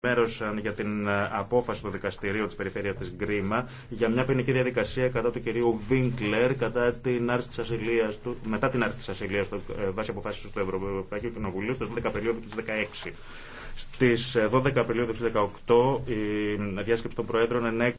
ενημέρωσαν για την ε, απόφαση του δικαστηρίου της περιφέρειας της Γκρίμα για μια ποινική διαδικασία κατά του κυρίου Βίνκλερ κατά την άρση της του, μετά την άρση της ασυλίας του, ε, βάσει αποφάσεις του Ευρωπαϊκού Κοινοβουλίου στις 12 Απριλίου του 2016. Στις 12 ε, Απριλίου του 2018 η διάσκεψη των Προέδρων ενέκρινε